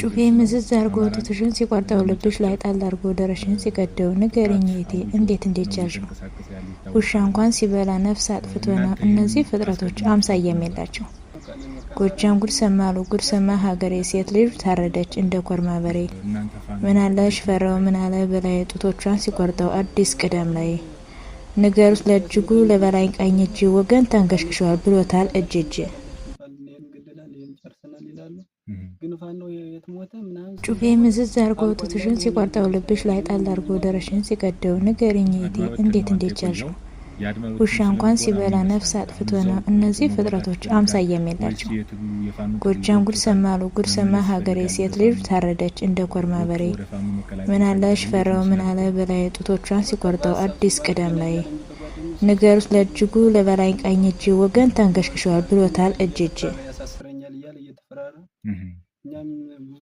ጩቤ ምዝዝ አርጎ ጡትሽን ሲቆርጠው ልብሽ ላይ ጣል አርጎ ደረሽን ሲቀደው ንገሪኝ እቴ እንዴት እንዴት ቻልሽው? ውሻ እንኳን ሲበላ ነፍስ አጥፍቶ ነው። እነዚህ ፍጥረቶች አምሳያም የላቸው። ጎጃም ጉድ ሰማሉ ጉድ ሰማ ሀገሬ ሴት ልጅ ታረደች እንደ ኮርማ በሬ። ምናለ ሽፈራው ምናለ በላይ ጡቶቿን ሲቆርጠው አዲስ ቅደም ላይ ንገሩት ለእጅጉ ለበላይ ቀኝ እጅ ወገን ተንገሽግሿል ብሎታል እጅ እጅ ይላሉ። ግን ፋኖ የት ሞተ ምናምን ጩቤ ምዝዝ አርጎ ጡትሽን ሲቆርጠው ልብሽ ላይ ጣል አርጎ ደረሽን ሲቀደው ንገሪኝ እህቴ እንዴት እንዴት ቻልሽው? ውሻ እንኳን ሲበላ ነፍስ አጥፍቶ ነው። እነዚህ ፍጥረቶች አምሳ የላቸው። ጎጃም ጉድ ሰማሉ ጉድ ሰማ ሀገሬ ሴት ልጅ ታረደች እንደ ኮርማ በሬ። ምን አለ ሽፈራው ምን አለ በላይ ጡቶቿን ሲቆርጠው አዲስ ቅደም ላይ ንገሩት ለእጅጉ ለበላይ ቀኝ እጅ ወገን ተንገሽክሸዋል ብሎታል እጅ እጅ እያለ እያል እየተፈራረ እኛም